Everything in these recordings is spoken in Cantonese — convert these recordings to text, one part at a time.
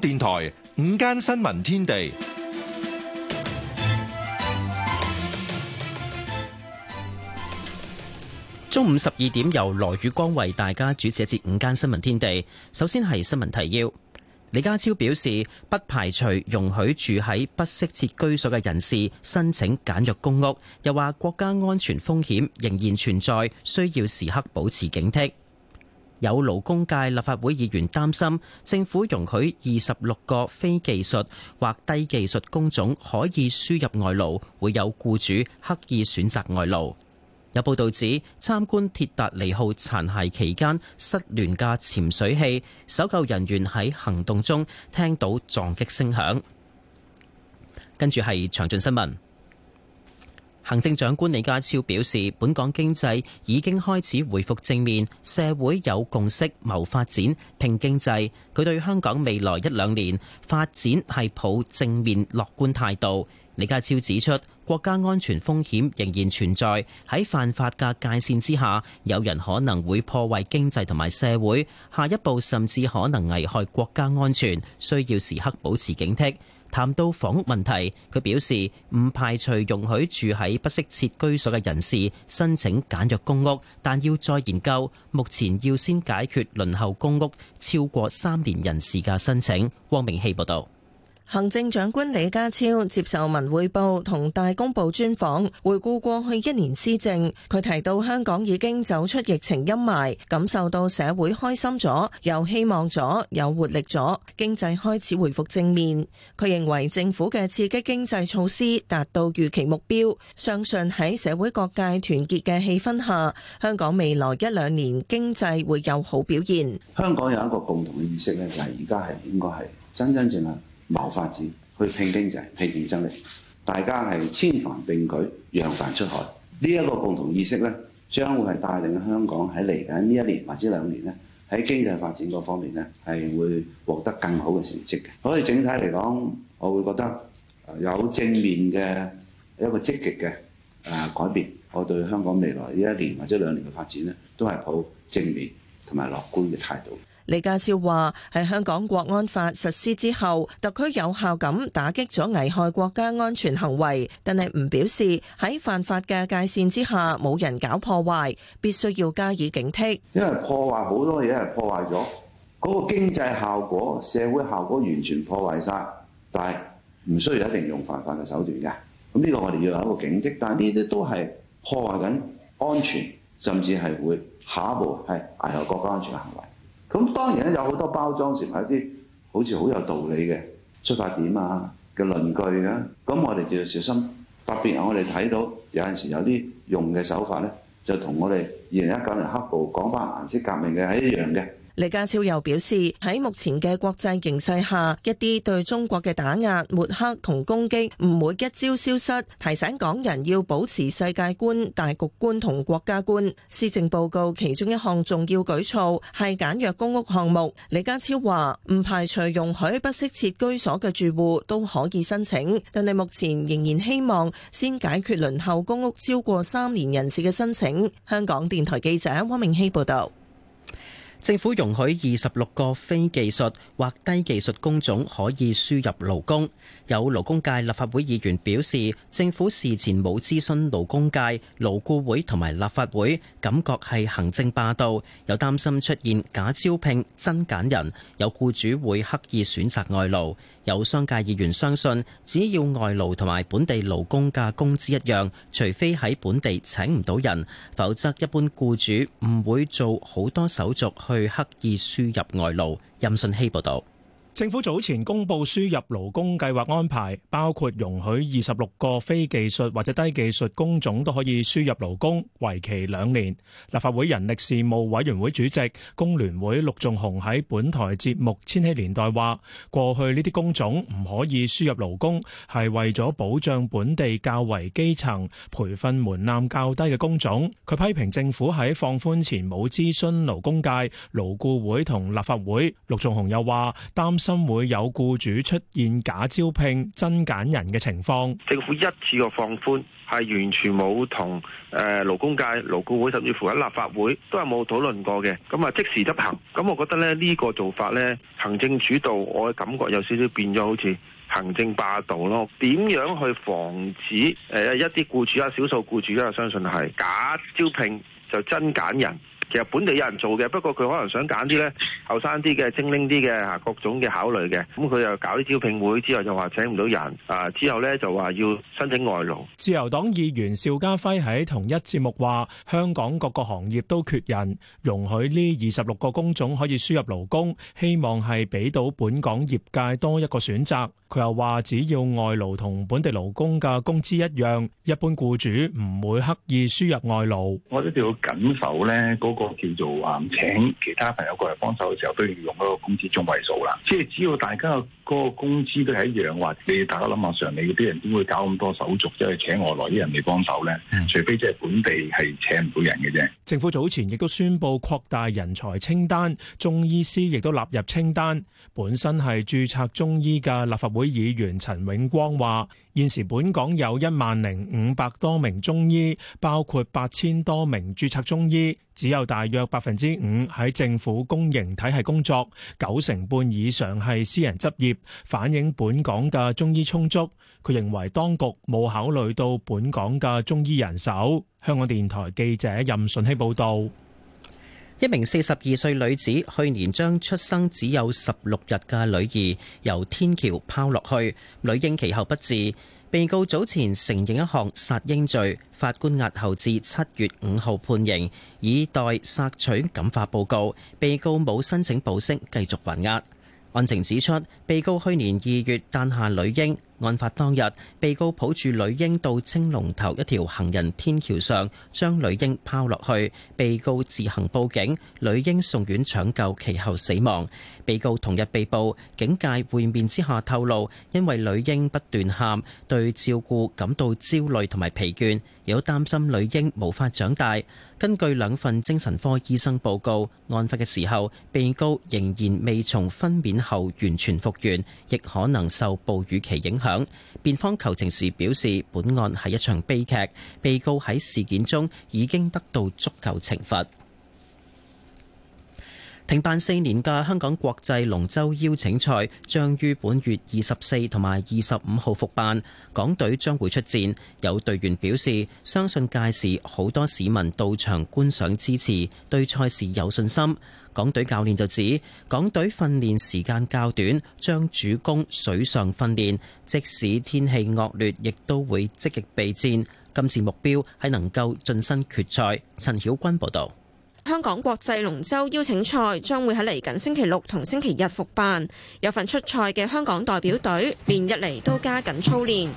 電台午間新聞天地，中午十二點由羅宇光為大家主持一節午間新聞天地。首先係新聞提要，李家超表示不排除容許住喺不適切居所嘅人士申請簡約公屋，又話國家安全風險仍然存在，需要時刻保持警惕。有勞工界立法會議員擔心，政府容許二十六個非技術或低技術工種可以輸入外勞，會有僱主刻意選擇外勞。有報導指，參觀鐵達尼號殘骸期間失聯嘅潛水器，搜救人員喺行動中聽到撞擊聲響。跟住係詳盡新聞。行政長官李家超表示，本港經濟已經開始恢復正面，社會有共識，謀發展，拼經濟。佢對香港未來一兩年發展係抱正面樂觀態度。李家超指出，國家安全風險仍然存在，喺犯法嘅界線之下，有人可能會破壞經濟同埋社會，下一步甚至可能危害國家安全，需要時刻保持警惕。談到房屋問題，佢表示唔排除容許住喺不適切居所嘅人士申請簡約公屋，但要再研究。目前要先解決輪候公屋超過三年人士嘅申請。汪明希報導。行政長官李家超接受文匯報同大公報專訪，回顧過去一年施政。佢提到，香港已經走出疫情陰霾，感受到社會開心咗，有希望咗，有活力咗，經濟開始回復正面。佢認為政府嘅刺激經濟措施達到預期目標，相信喺社會各界團結嘅氣氛下，香港未來一兩年經濟會有好表現。香港有一個共同嘅意識呢就係而家係應該係真真正正。謀發展，去拼經濟，拼競爭力，大家係千帆並舉，揚帆出海。呢一個共同意識呢，將會係帶領香港喺嚟緊呢一年或者兩年呢，喺經濟發展嗰方面呢，係會獲得更好嘅成績嘅。所以整體嚟講，我會覺得有正面嘅一個積極嘅啊改變。我對香港未來呢一年或者兩年嘅發展呢，都係抱正面同埋樂觀嘅態度。李家超話，喺香港國安法實施之後，特區有效咁打擊咗危害國家安全行為，但係唔表示喺犯法嘅界線之下冇人搞破壞，必須要加以警惕。因為破壞好多嘢係破壞咗嗰個經濟效果、社會效果，完全破壞晒，但係唔需要一定用犯法嘅手段嘅。咁呢個我哋要有一個警惕。但係呢啲都係破壞緊安全，甚至係會下一步係危害國家安全行為。咁當然有好多包裝成一啲好似好有道理嘅出發點啊嘅論據嘅，啊，咁我哋就要小心。特別我哋睇到有陣時有啲用嘅手法呢，就同我哋二零一九年黑暴講翻顏色革命嘅係一樣嘅。李家超又表示，喺目前嘅國際形勢下，一啲對中國嘅打壓抹黑同攻擊唔會一朝消失，提醒港人要保持世界觀、大局觀同國家觀。施政報告其中一項重要舉措係簡約公屋項目。李家超話唔排除容許不適切居所嘅住戶都可以申請，但係目前仍然希望先解決輪候公屋超過三年人士嘅申請，香港電台記者汪明熙報道。政府容許二十六個非技術或低技術工種可以輸入勞工，有勞工界立法會議員表示，政府事前冇諮詢勞工界、勞雇會同埋立法會，感覺係行政霸道，又擔心出現假招聘、真揀人，有僱主會刻意選擇外勞。有商界議員相信，只要外勞同埋本地勞工嘅工資一樣，除非喺本地請唔到人，否則一般僱主唔會做好多手續去刻意輸入外勞。任信希報道。政府早前公布輸入勞工計劃安排，包括容許二十六個非技術或者低技術工種都可以輸入勞工，為期兩年。立法會人力事務委員會主席工聯會陸仲雄喺本台節目《千禧年代》話：過去呢啲工種唔可以輸入勞工，係為咗保障本地較為基層、培訓門檻較低嘅工種。佢批評政府喺放寬前冇諮詢勞工界、勞顧會同立法會。陸仲雄又話擔心。新會有僱主出現假招聘、真揀人嘅情況。政府一次個放寬係完全冇同誒勞工界、勞僱會甚至乎喺立法會都係冇討論過嘅。咁啊即時執行，咁我覺得咧呢個做法咧，行政主導我嘅感覺有少少變咗，好似行政霸道咯。點樣去防止誒一啲僱主啊，少數僱主啊，相信係假招聘就真揀人？其實本地有人做嘅，不過佢可能想揀啲咧後生啲嘅、精靈啲嘅嚇各種嘅考慮嘅，咁佢又搞啲招聘會之後就話請唔到人啊，之後咧就話要申請外勞。自由黨議員邵家輝喺同一節目話：香港各個行業都缺人，容許呢二十六個工種可以輸入勞工，希望係俾到本港業界多一個選擇。佢又話：只要外勞同本地勞工嘅工資一樣，一般僱主唔會刻意輸入外勞。我一定要緊守呢，嗰個叫做話請其他朋友過嚟幫手嘅時候，都要用嗰個工資中位數啦。即係只要大家嘅嗰個工資都係一樣，或者大家諗下，常理嗰啲人點會搞咁多手續即係請外來啲人嚟幫手呢？除非即係本地係請唔到人嘅啫。政府早前亦都宣布擴大人才清單，中醫師亦都納入清單，本身係註冊中醫嘅立法會會議員陳永光話：現時本港有一萬零五百多名中醫，包括八千多名注冊中醫，只有大約百分之五喺政府公營體係工作，九成半以上係私人執業，反映本港嘅中醫充足。佢認為當局冇考慮到本港嘅中醫人手。香港電台記者任順希報道。一名四十二歲女子去年將出生只有十六日嘅女兒由天橋拋落去，女嬰其後不治。被告早前承認一項殺嬰罪，法官押後至七月五號判刑，以待索取感化報告。被告冇申請保釋，繼續還押。案情指出，被告去年二月誕下女嬰，案發當日，被告抱住女嬰到青龍頭一條行人天橋上，將女嬰拋落去。被告自行報警，女嬰送院搶救，其後死亡。被告同日被捕，警戒會面之下透露，因為女嬰不斷喊，對照顧感到焦慮同埋疲倦，亦有擔心女嬰無法長大。根據兩份精神科醫生報告，案發嘅時候，被告仍然未從分娩後完全復原，亦可能受哺乳期影響。辯方求情時表示，本案係一場悲劇，被告喺事件中已經得到足夠懲罰。停辦四年嘅香港國際龍舟邀請賽將於本月二十四同埋二十五號復辦，港隊將會出戰，有隊員表示相信屆時好多市民到場觀賞支持，對賽事有信心。港隊教練就指港隊訓練時間較短，將主攻水上訓練，即使天氣惡劣，亦都會積極備戰，今次目標係能夠晉身決賽，陳曉君報道。香港國際龍舟邀請賽將會喺嚟緊星期六同星期日復辦，有份出賽嘅香港代表隊連日嚟都加緊操練。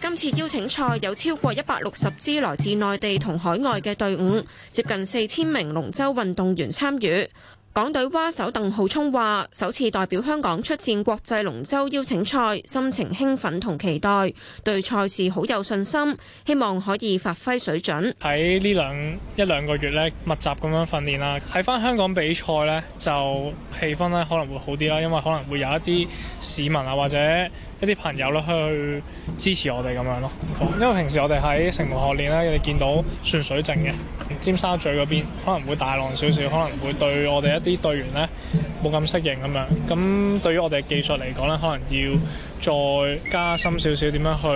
今次邀請賽有超過一百六十支來自內地同海外嘅隊伍，接近四千名龍舟運動員參與。港隊蛙手鄧浩聰話：首次代表香港出戰國際龍舟邀請賽，心情興奮同期待，對賽事好有信心，希望可以發揮水準。喺呢兩一兩個月咧，密集咁樣訓練啦，喺翻香港比賽咧，就氣氛咧可能會好啲啦，因為可能會有一啲市民啊或者一啲朋友啦去支持我哋咁樣咯。因為平時我哋喺城門河練咧，你見到船水靜嘅，尖沙咀嗰邊可能會大浪少少，可能會對我哋一啲隊員呢，冇咁適應咁樣，咁對於我哋嘅技術嚟講呢，可能要再加深少少點樣去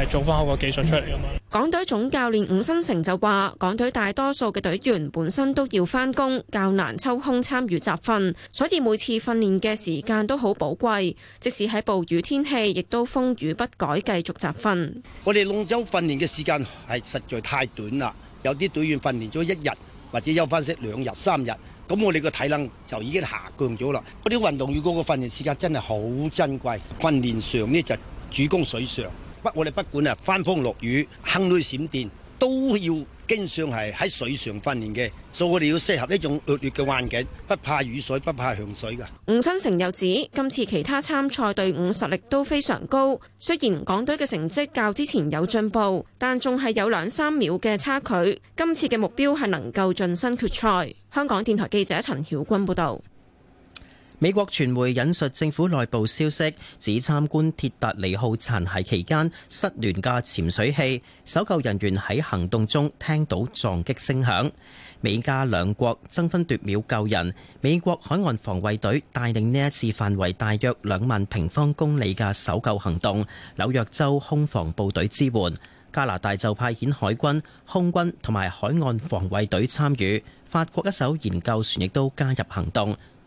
誒做翻好個技術出嚟咁啊。港隊總教練伍新成就話，港隊大多數嘅隊員本身都要翻工，較難抽空參與集訓，所以每次訓練嘅時間都好寶貴。即使喺暴雨天氣，亦都風雨不改，繼續集訓。我哋龍舟訓練嘅時間係實在太短啦，有啲隊員訓練咗一日或者休翻息兩日、三日。咁我哋個體能就已經下降咗啦。嗰啲運動員嗰個訓練時間真係好珍貴，訓練上呢，就是，主攻水上。不我哋不管啊，翻風落雨、行雷閃電，都要經常係喺水上訓練嘅。所以我哋要適合一種惡劣嘅環境，不怕雨水，不怕洪水噶。吳新成又指，今次其他參賽隊伍實力都非常高，雖然港隊嘅成績較之前有進步，但仲係有兩三秒嘅差距。今次嘅目標係能夠晉身決賽。香港電台記者陳曉君報道。美國傳媒引述政府內部消息，指參觀鐵達尼號殘骸期間失聯嘅潛水器，搜救人員喺行動中聽到撞擊聲響。美加兩國爭分奪秒救人，美國海岸防衛隊帶領呢一次範圍大約兩萬平方公里嘅搜救行動，紐約州空防部隊支援，加拿大就派遣海軍、空軍同埋海岸防衛隊參與，法國一艘研究船亦都加入行動。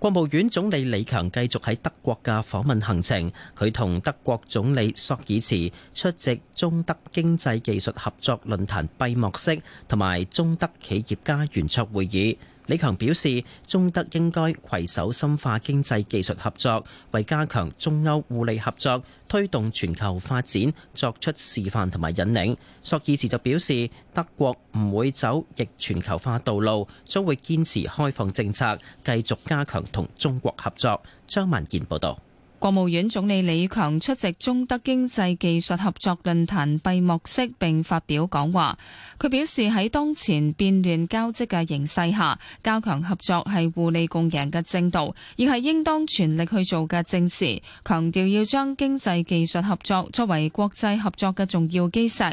國務院總理李強繼續喺德國嘅訪問行程，佢同德國總理朔爾茨出席中德經濟技術合作論壇閉幕式同埋中德企業家圓桌會議。李強表示，中德應該攜手深化經濟技術合作，為加強中歐互利合作、推動全球發展作出示範同埋引領。索爾茨就表示，德國唔會走逆全球化道路，將會堅持開放政策，繼續加強同中國合作。張文健報道。國務院總理李強出席中德經濟技術合作論壇閉幕式，並發表講話。佢表示喺當前變亂交織嘅形勢下，加強合作係互利共贏嘅正道，亦係應當全力去做嘅正事。強調要將經濟技術合作作為國際合作嘅重要基石。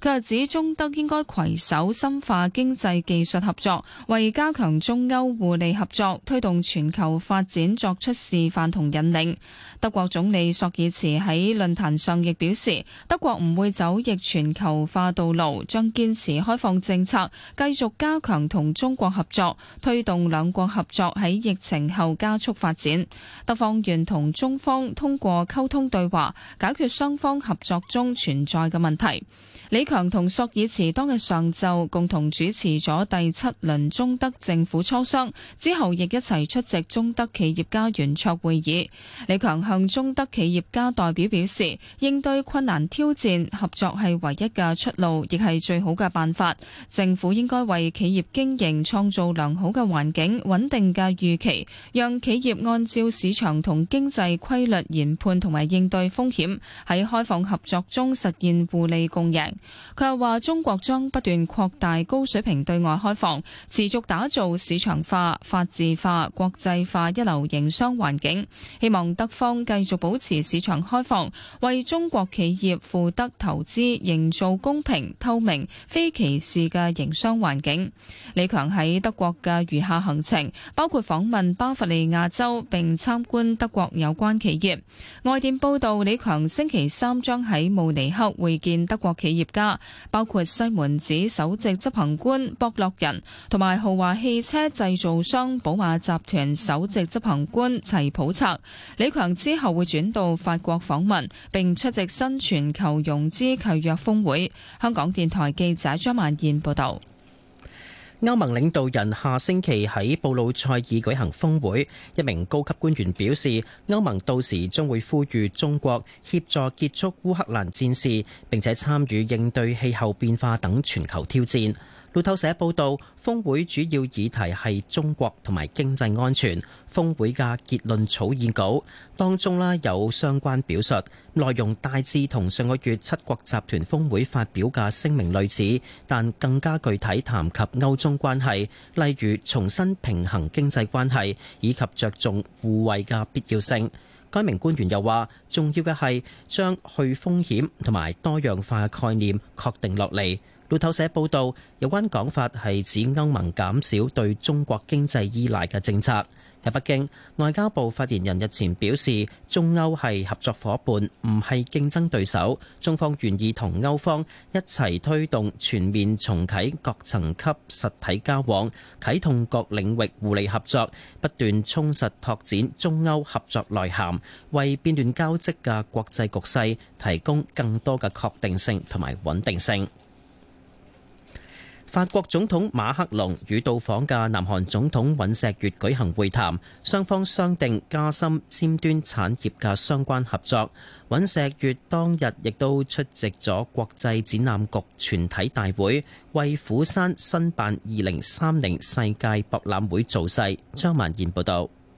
佢又指中德應該攜手深化經濟技術合作，為加強中歐互利合作、推動全球發展作出示範同引領。德國總理朔爾茨喺論壇上亦表示，德國唔會走逆全球化道路，將堅持開放政策，繼續加強同中國合作，推動兩國合作喺疫情後加速發展。德方願同中方通過溝通對話，解決雙方合作中存在嘅問題。李強同朔爾茨當日上晝共同主持咗第七輪中德政府磋商，之後亦一齊出席中德企業家圓桌會議。李強。向中德企業家代表表示，應對困難挑戰，合作係唯一嘅出路，亦係最好嘅辦法。政府應該為企業經營創造良好嘅環境、穩定嘅預期，讓企業按照市場同經濟規律研判同埋應對風險，喺開放合作中實現互利共贏。佢又話，中國將不斷擴大高水平對外開放，持續打造市場化、法治化、國際化一流營商環境。希望德方，繼續保持市場開放，為中國企業赴德投資營造公平、透明、非歧視嘅營商環境。李強喺德國嘅餘下行程包括訪問巴伐利亞州，並參觀德國有關企業。外電報道，李強星期三將喺慕尼黑會見德國企業家，包括西門子首席執行官博洛仁，同埋豪華汽車製造商寶馬集團首席執行官齊普策。李強。之後會轉到法國訪問，並出席新全球融資契約峰會。香港電台記者張曼燕報道：歐盟領導人下星期喺布魯塞爾舉行峰會，一名高級官員表示，歐盟到時將會呼籲中國協助結束烏克蘭戰事，並且參與應對氣候變化等全球挑戰。路透社報道，峰會主要議題係中國同埋經濟安全。峰會嘅結論草擬稿當中啦，有相關表述，內容大致同上個月七國集團峰會發表嘅聲明類似，但更加具體談及歐中關係，例如重新平衡經濟關係，以及着重互惠嘅必要性。該名官員又話，重要嘅係將去風險同埋多樣化概念確定落嚟。路透社報道，有關講法係指歐盟減少對中國經濟依賴嘅政策。喺北京，外交部發言人日前表示，中歐係合作夥伴，唔係競爭對手。中方願意同歐方一齊推動全面重啟各層級實體交往，啟動各領域互利合作，不斷充實拓展中歐合作內涵，為變亂交織嘅國際局勢提供更多嘅確定性同埋穩定性。法國總統馬克龍與到訪嘅南韓總統尹錫悅舉行會談，雙方商定加深尖端產業嘅相關合作。尹錫悅當日亦都出席咗國際展覽局全體大會，為釜山申辦二零三零世界博覽會造勢。張文賢報道。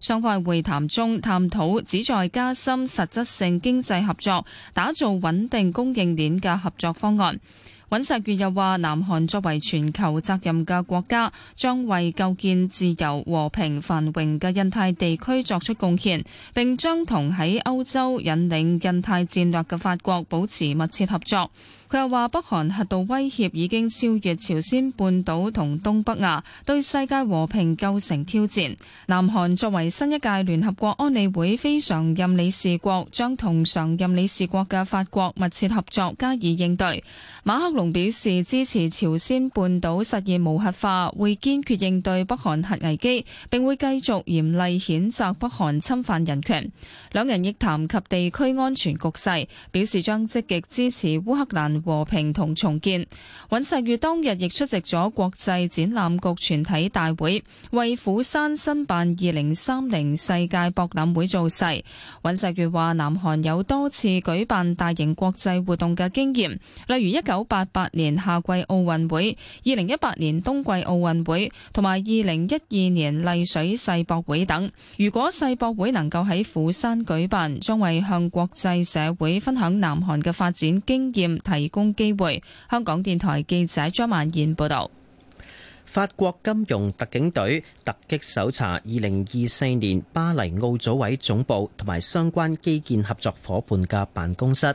雙方喺會談中探討旨在加深實質性經濟合作、打造穩定供應鏈嘅合作方案。尹錫悅又話：南韓作為全球責任嘅國家，將為構建自由、和平、繁榮嘅印太地區作出貢獻，並將同喺歐洲引領印太戰略嘅法國保持密切合作。佢又話：北韓核導威脅已經超越朝鮮半島同東北亞，對世界和平構成挑戰。南韓作為新一屆聯合國安理會非常任理事國，將同常任理事國嘅法國密切合作，加以應對。馬克龍表示支持朝鮮半島實現無核化，會堅決應對北韓核危機，並會繼續嚴厲譴責北韓侵犯人權。兩人亦談及地區安全局勢，表示將積極支持烏克蘭。和平同重建。尹錫悅當日亦出席咗國際展覽局全體大會，為釜山申辦二零三零世界博覽會造勢。尹錫悅話：南韓有多次舉辦大型國際活動嘅經驗，例如一九八八年夏季奧運會、二零一八年冬季奧運會同埋二零一二年麗水世博會等。如果世博會能夠喺釜山舉辦，將為向國際社會分享南韓嘅發展經驗提。工機會，香港電台記者張曼燕報道：法國金融特警隊突擊搜查二零二四年巴黎奧組委總部同埋相關基建合作伙伴嘅辦公室。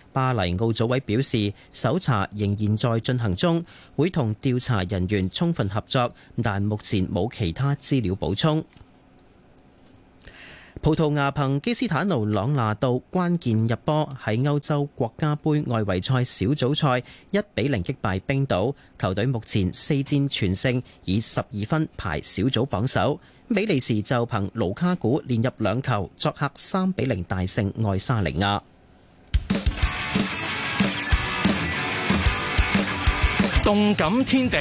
巴黎奧組委表示，搜查仍然在進行中，會同調查人員充分合作，但目前冇其他資料補充。葡萄牙憑基斯坦奴朗拿度關鍵入波喺歐洲國家杯外圍賽小組賽一比零擊敗冰島，球隊目前四戰全勝，以十二分排小組榜首。比利時就憑盧卡古連入兩球，作客三比零大勝愛沙尼亞。動感天地，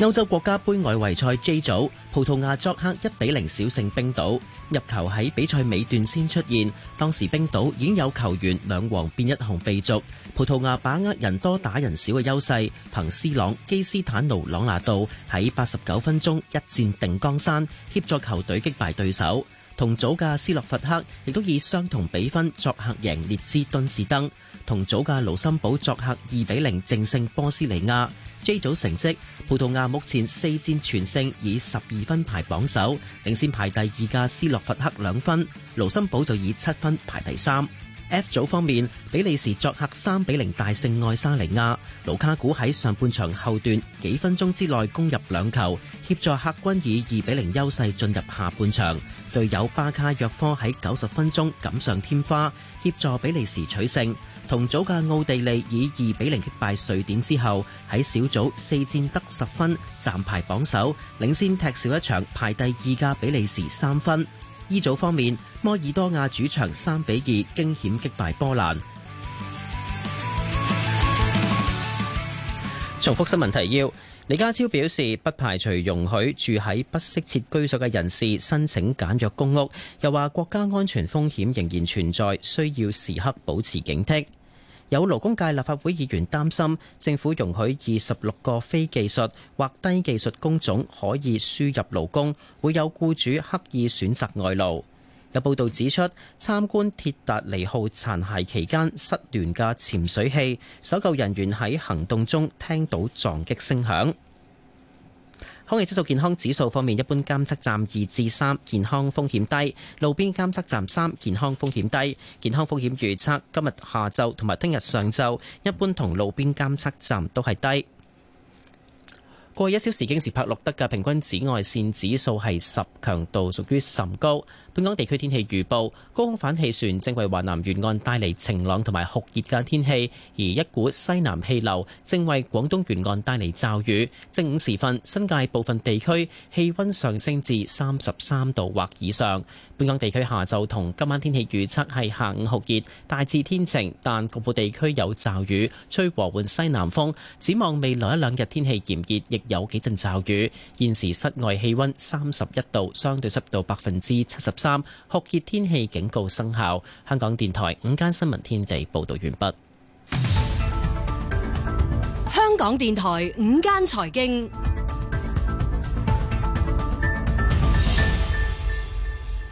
歐洲國家盃外圍賽 J 組，葡萄牙作客一比零小勝冰島，入球喺比賽尾段先出現，當時冰島已經有球員兩黃變一紅被逐，葡萄牙把握人多打人少嘅優勢，憑斯朗基斯坦奴朗拿度喺八十九分鐘一戰定江山，協助球隊擊敗對手。同組嘅斯洛伐克亦都以相同比分作客贏列支敦士登，登。同組嘅盧森堡作客二比零淨勝波斯尼亞。J 組成績，葡萄牙目前四戰全勝，以十二分排榜首，領先排第二嘅斯洛伐克兩分。盧森堡就以七分排第三。F 組方面，比利時作客三比零大勝愛沙尼亞。盧卡古喺上半場後段幾分鐘之內攻入兩球，協助客軍以二比零優勢進入下半場。隊友巴卡約科喺九十分鐘錦上添花，協助比利時取勝。同組嘅奧地利以二比零擊敗瑞典之後，喺小組四戰得十分，暫排榜首，領先踢少一場排第二嘅比利時三分。E 組方面，摩爾多亞主場三比二驚險擊敗波蘭。重複新聞提要：李家超表示不排除容許住喺不適切居所嘅人士申請簡約公屋，又話國家安全風險仍然存在，需要時刻保持警惕。有勞工界立法會議員擔心，政府容許二十六個非技術或低技術工種可以輸入勞工，會有僱主刻意選擇外勞。有報導指出，參觀鐵達尼號殘骸期間失聯嘅潛水器，搜救人員喺行動中聽到撞擊聲響。空氣質素健康指數方面，一般監測站二至三，健康風險低；路邊監測站三，健康風險低。健康風險預測今日下晝同埋聽日上晝，一般同路邊監測站都係低。過去一小時京士柏錄得嘅平均紫外線指數係十，強度屬於甚高。本港地區天氣預報，高空反氣旋正為華南沿岸帶嚟晴朗同埋酷熱嘅天氣，而一股西南氣流正為廣東沿岸帶嚟驟雨。正午時分，新界部分地區氣溫上升至三十三度或以上。本港地區下晝同今晚天氣預測係，下午酷熱，大致天晴，但局部地區有驟雨，吹和緩西南風。展望未來一兩日天氣炎熱，亦有幾陣驟雨。現時室外氣溫三十一度，相對濕度百分之七十三，酷熱天氣警告生效。香港電台午間新聞天地報道完畢。香港電台午間財經。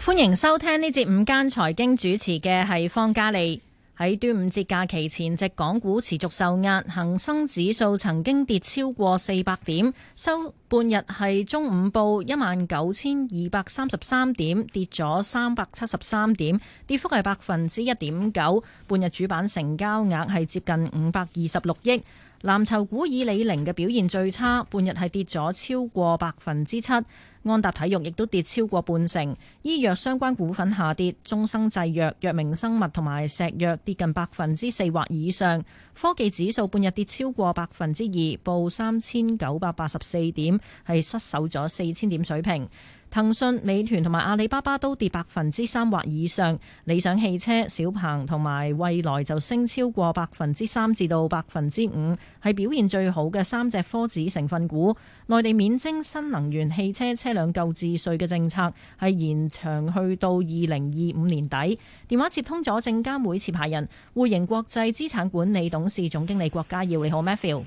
歡迎收聽呢節午間財經，主持嘅係方嘉利。喺端午節假期前夕，港股持續受壓，恒生指數曾經跌超過四百點，收半日係中午報一萬九千二百三十三點，跌咗三百七十三點，跌幅係百分之一點九。半日主板成交額係接近五百二十六億。籃球股以李寧嘅表現最差，半日係跌咗超過百分之七，安踏體育亦都跌超過半成。醫藥相關股份下跌，中生製藥、藥明生物同埋石藥跌近百分之四或以上。科技指數半日跌超過百分之二，報三千九百八十四點，係失守咗四千點水平。騰訊、美團同埋阿里巴巴都跌百分之三或以上，理想汽車、小鵬同埋蔚來就升超過百分之三至到百分之五，係表現最好嘅三隻科指成分股。內地免徵新能源汽車車輛購置稅嘅政策係延長去到二零二五年底。電話接通咗證監會持牌人匯盈國際資產管理董事總經理郭家耀，你好，Matthew。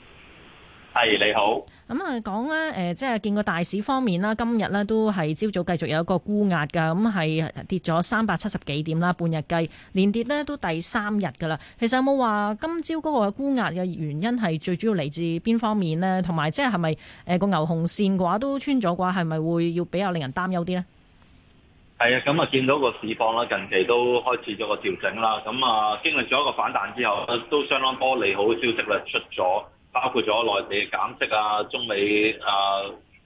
係，你好。咁啊，講咧、嗯，誒、呃，即係見個大市方面啦，今日咧都係朝早繼續有一個沽壓㗎，咁、嗯、係跌咗三百七十幾點啦，半日計連跌咧都第三日㗎啦。其實有冇話今朝嗰個沽壓嘅原因係最主要嚟自邊方面呢？同埋即係係咪誒個牛熊線嘅話都穿咗嘅話，係咪會要比較令人擔憂啲呢？係啊，咁、嗯、啊，見到個市況啦，近期都開始咗個調整啦。咁、嗯、啊，經歷咗一個反彈之後，都相當多利好消息啦，出咗。包括咗內地減息啊、中美啊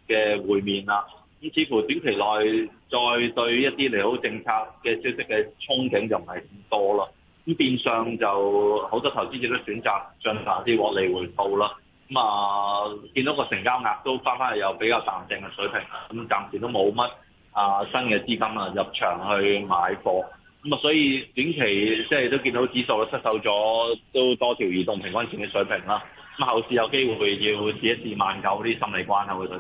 嘅會面啦、啊，咁似乎短期內再對一啲利好政策嘅消息嘅憧憬就唔係咁多啦。咁變相就好多投資者都選擇進行啲獲利回報啦。咁、嗯、啊，見到個成交額都翻翻去有比較淡靜嘅水平，咁、嗯、暫時都冇乜啊新嘅資金啊入場去買貨。咁、嗯、啊，所以短期即係都見到指數失守咗都多條移動平均線嘅水平啦。咁後市有機會要試一試萬九啲心理關口嘅水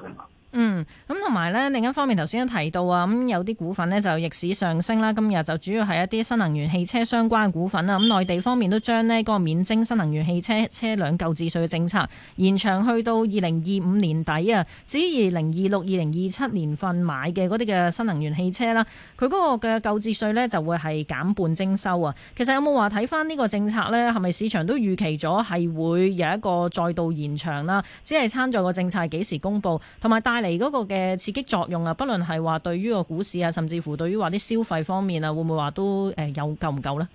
嗯，咁同埋咧，另一方面，頭先都提到啊，咁、嗯、有啲股份咧就逆市上升啦。今日就主要係一啲新能源汽車相關嘅股份啦。咁、嗯、內地方面都將咧個免徵新能源汽車車輛購置稅嘅政策延長去到二零二五年底啊，至於二零二六、二零二七年份買嘅嗰啲嘅新能源汽車啦，佢嗰個嘅購置稅咧就會係減半徵收啊。其實有冇話睇翻，呢個政策咧，係咪市場都預期咗係會有一個再度延長啦？只係參照個政策幾時公布，同埋帶。嚟嗰個嘅刺激作用啊，不論係話對於個股市啊，甚至乎對於話啲消費方面啊，會唔會話都誒有夠唔夠呢？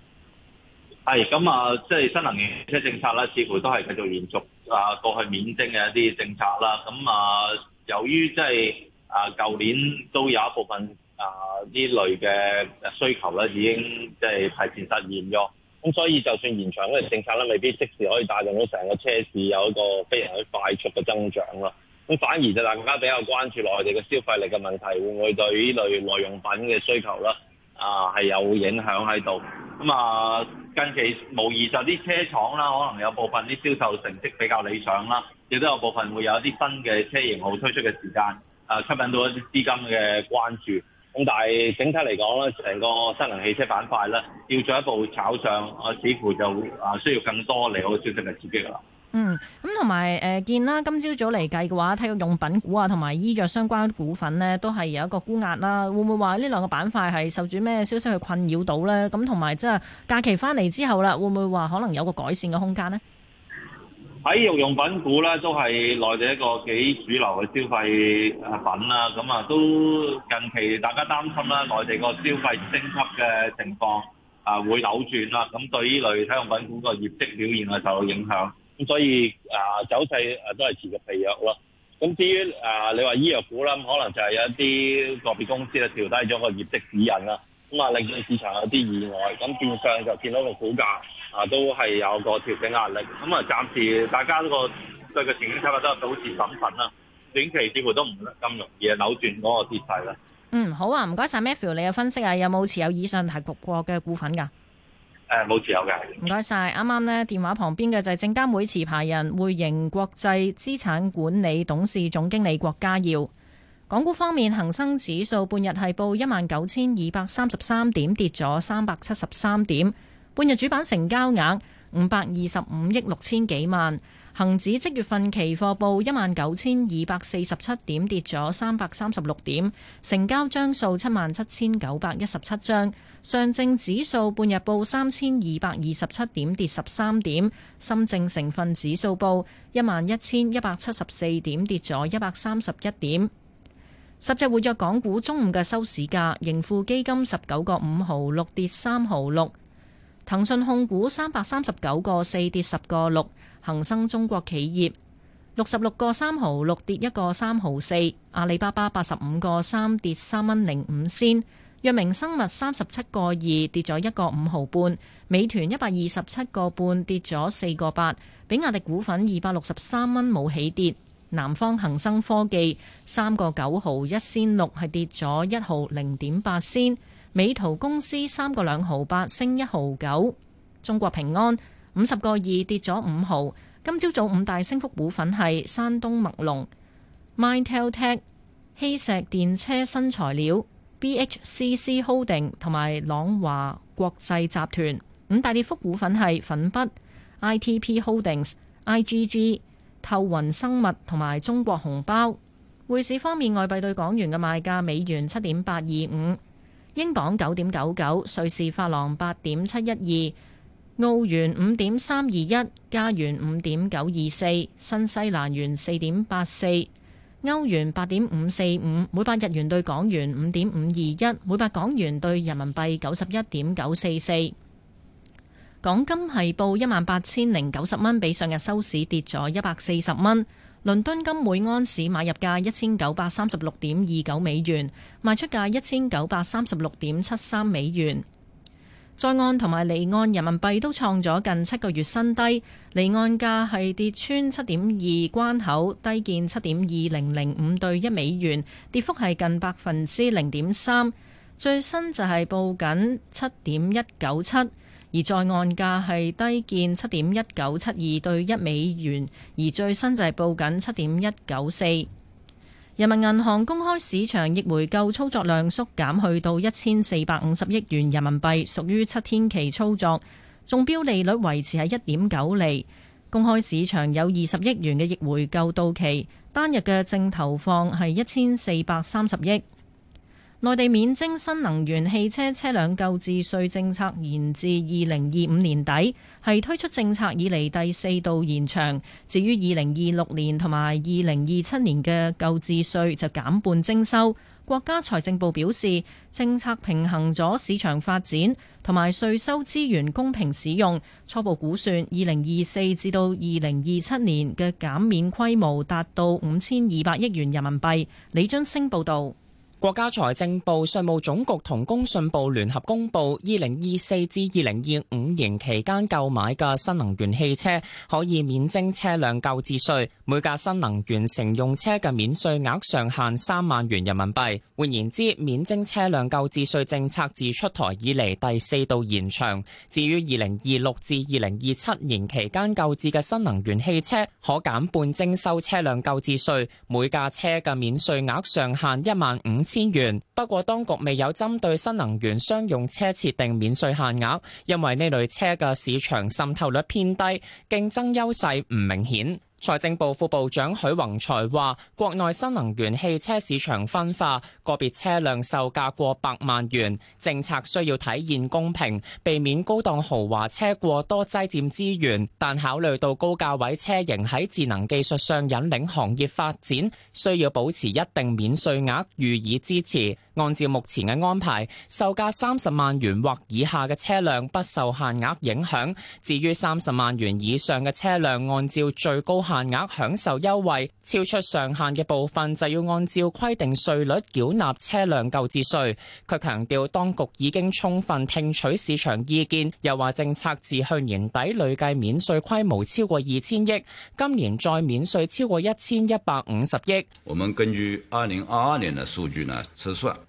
係咁啊，即係新能源車政策咧，似乎都係繼續延續啊過去免徵嘅一啲政策啦。咁啊，由於即係啊舊年都有一部分啊呢類嘅需求咧，已經即係提前實現咗。咁所以就算延長嗰個政策咧，未必即時可以帶動到成個車市有一個非常之快速嘅增長咯。啊咁反而就大家比較關注內地嘅消費力嘅問題，會唔會對呢類耐用品嘅需求啦？啊，係有影響喺度。咁、嗯、啊，近期無疑就啲、是、車廠啦，可能有部分啲銷售成績比較理想啦，亦都有部分會有一啲新嘅車型號推出嘅時間，啊，吸引到一啲資金嘅關注。咁、嗯、但係整體嚟講咧，成個新能源汽車板塊咧，要進一步炒上，啊，似乎就啊需要更多利好消息嘅刺激啦。嗯，咁同埋誒，見啦，今朝早嚟計嘅話，體育用品股啊，同埋醫藥相關股份咧，都係有一個沽壓啦。會唔會話呢兩個板塊係受住咩消息去困擾到咧？咁同埋即係假期翻嚟之後啦，會唔會話可能有個改善嘅空間咧？體育用品股咧都係內地一個幾主流嘅消費品啦。咁啊，都近期大家擔心啦，內地個消費升級嘅情況啊會扭轉啦。咁對呢類體育用品股個業績表現啊，受到影響。咁、嗯、所以啊，走勢啊都係持續疲弱咯。咁、啊、至於啊，你話醫藥股啦、啊，可能就係有一啲個別公司咧、啊、調低咗個業績指引啦。咁啊令到市場有啲意外，咁、啊、變相就見到個股價啊都係有個調整壓力。咁啊，啊暫時大家呢個對個前景睇法都係保持謹慎啦。短期似乎都唔咁容易扭轉嗰個跌勢啦。嗯，好啊，唔該晒 Matthew 你嘅分析啊，有冇持有以上提及過嘅股份㗎？誒，冇持有嘅。唔該晒，啱啱呢電話旁邊嘅就係證監會持牌人匯盈國際資產管理董事總經理郭家耀。港股方面，恒生指數半日係報一萬九千二百三十三點，跌咗三百七十三點。半日主板成交額五百二十五億六千幾萬。恒指即月份期貨報一萬九千二百四十七點，跌咗三百三十六點，成交張數七萬七千九百一十七張。上證指數半日報三千二百二十七點，跌十三點；深證成分指數報一萬一千一百七十四點，跌咗一百三十一點。十隻活躍港股中午嘅收市價，盈富基金十九個五毫六跌三毫六；騰訊控股三百三十九個四跌十個六；恒生中國企業六十六個三毫六跌一個三毫四；阿里巴巴八十五個三跌三蚊零五仙。藥明生物三十七個二跌咗一個五毫半，美團一百二十七個半跌咗四個八，比亞迪股份二百六十三蚊冇起跌，南方恒生科技三個九毫一仙六係跌咗一毫零點八仙，美圖公司三個兩毫八升一毫九，中國平安五十個二跌咗五毫，今朝早五大升幅股份係山東墨龍、MINDTELL TECH、稀石電車新材料。BHCC Holding 同埋朗華國際集團，五大跌幅股份係粉筆、ITP Holdings、IGG、透雲生物同埋中國紅包。匯市方面，外幣對港元嘅賣價：美元七點八二五，英鎊九點九九，瑞士法郎八點七一二，澳元五點三二一，加元五點九二四，新西蘭元四點八四。歐元八點五四五，每百日元對港元五點五二一，每百港元對人民幣九十一點九四四。港金係報一萬八千零九十蚊，比上日收市跌咗一百四十蚊。倫敦金每安士買入價一千九百三十六點二九美元，賣出價一千九百三十六點七三美元。在岸同埋離岸人民幣都創咗近七個月新低，離岸價係跌穿七點二關口，低見七點二零零五對一美元，跌幅係近百分之零點三。最新就係報緊七點一九七，而在岸價係低見七點一九七二對一美元，而最新就係報緊七點一九四。人民銀行公開市場逆回購操作量縮減去到一千四百五十億元人民幣，屬於七天期操作，中標利率維持喺一點九厘。公開市場有二十億元嘅逆回購到期，單日嘅淨投放係一千四百三十億。內地免徵新能源汽車車輛購置稅政策延至二零二五年底，係推出政策以嚟第四度延長。至於二零二六年同埋二零二七年嘅購置稅就減半徵收。國家財政部表示，政策平衡咗市場發展同埋稅收資源公平使用。初步估算，二零二四至到二零二七年嘅減免規模達到五千二百億元人民幣。李津升報道。國家財政部、稅務總局同工信部聯合公布，二零二四至二零二五年期間購買嘅新能源汽車可以免徵車輛購置稅，每架新能源乘用車嘅免稅額上限三萬元人民幣。換言之，免徵車輛購置稅政策自出台以嚟第四度延長。至於二零二六至二零二七年期間購置嘅新能源汽車，可減半徵收車輛購置稅，每架車嘅免稅額上限一萬五。千元。不過當局未有針對新能源商用車設定免稅限額，因為呢類車嘅市場滲透率偏低，競爭優勢唔明顯。財政部副部長許宏才話，國內新能源汽車市場分化，個別車輛售價過百萬元，政策需要體現公平，避免高檔豪華車過多擠佔資源。但考慮到高價位車型喺智能技術上引領行業發展，需要保持一定免稅額予以支持。按照目前嘅安排，售價三十萬元或以下嘅車輛不受限額影響；至於三十萬元以上嘅車輛，按照最高限額享受優惠，超出上限嘅部分就要按照規定稅率繳納車輛購置稅。佢強調，當局已經充分聽取市場意見，又話政策自去年底累計免稅規模超過二千億，今年再免稅超過一千一百五十億。我們根據二零二二年的數據呢，測算。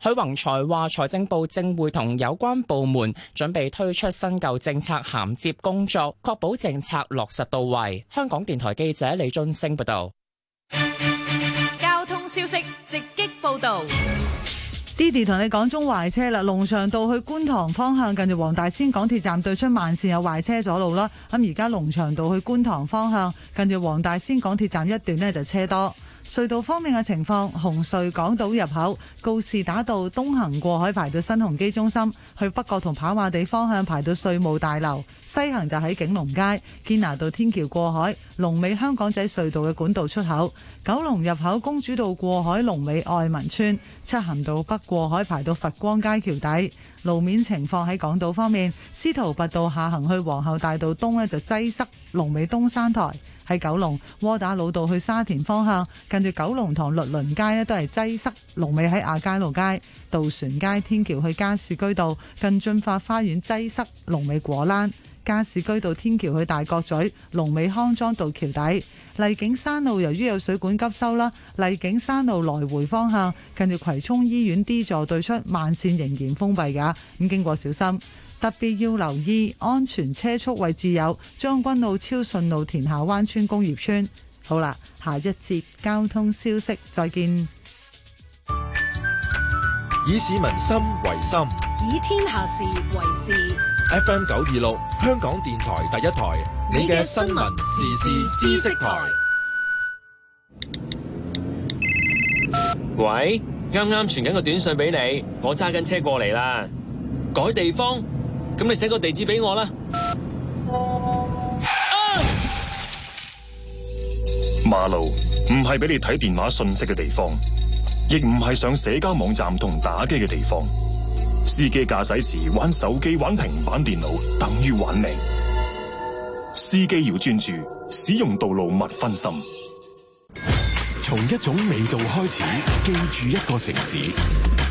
許宏才話：財政部正會同有關部門準備推出新舊政策銜接工作，確保政策落實到位。香港電台記者李俊升報道。交通消息直擊報道。Daddy 同你講中壞車啦，龍翔道去觀塘方向，近住黃大仙港鐵站對出慢綫有壞車阻路啦。咁而家龍翔道去觀塘方向，近住黃大仙港鐵站一段呢，就車多。隧道方面嘅情況，紅隧港島入口告士打道東行過海排到新鴻基中心，去北角同跑馬地方向排到稅務大樓；西行就喺景隆街堅拿道天橋過海，龍尾香港仔隧道嘅管道出口；九龍入口公主道過海龍尾愛民村，出行到北過海排到佛光街橋底。路面情況喺港島方面，司徒拔道下行去皇后大道東呢就擠塞，龍尾東山台。喺九龍窩打老道去沙田方向，近住九龍塘律倫街咧都係擠塞，龍尾喺亞皆老街、渡船街天橋去加士居道，近駿發花園擠塞，龍尾果欄、加士居道天橋去大角咀，龍尾康莊道橋底。荔景山路由於有水管急修，啦，荔景山路來回方向，近住葵涌醫院 D 座對出慢綫仍然封閉噶，咁經過小心。特別要留意安全車速位置有將軍澳、超順路、田下灣村工業村。好啦，下一節交通消息再見。以市民心為心，以天下事為事。FM 九二六，香港電台第一台，你嘅新聞時事知識台。喂，啱啱傳緊個短信俾你，我揸緊車過嚟啦，改地方。咁你寫個地址俾我啦。啊、馬路唔係俾你睇電話信息嘅地方，亦唔係上社交網站同打機嘅地方。司機駕駛時玩手機、玩平板電腦，等於玩命。司機要專注，使用道路勿分心。從一種味道開始，記住一個城市。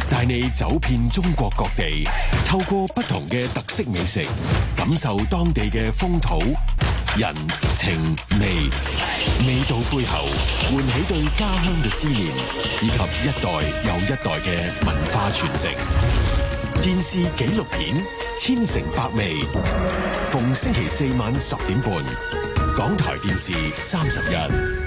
帶你走遍中國各地，透過不同嘅特色美食，感受當地嘅風土人情味。味道背後，喚起對家鄉嘅思念，以及一代又一代嘅文化傳承。電視紀錄片《千城百味》，逢星期四晚十點半，港台電視三十日。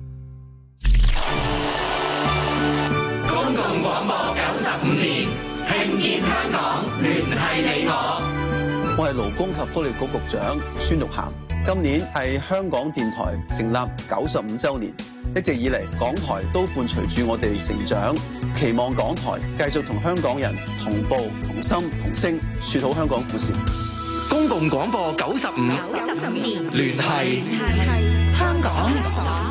香港聯繫你我，我係勞工及福利局局長孫玉菡。今年係香港電台成立九十五周年，一直以嚟港台都伴隨住我哋成長，期望港台繼續同香港人同步同心同聲，說好香港故事。公共廣播九十五年聯繫繫香港。啊